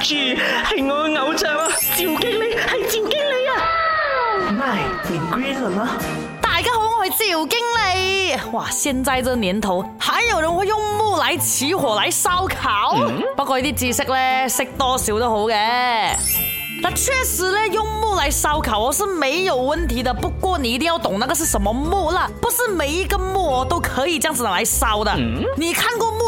住，係我嘅偶像啊！趙經理，係趙經理啊！My，green 了嗎？大家好，我係趙經理。哇，現在這個年頭，還有人會用木來起火來燒烤？不過呢啲知識咧，識多少都好嘅。那確實咧，用木來燒烤我是沒有問題的。不過你一定要懂那個是什麼木了，那不是每一根木我都可以這樣子來燒的。嗯、你看過木？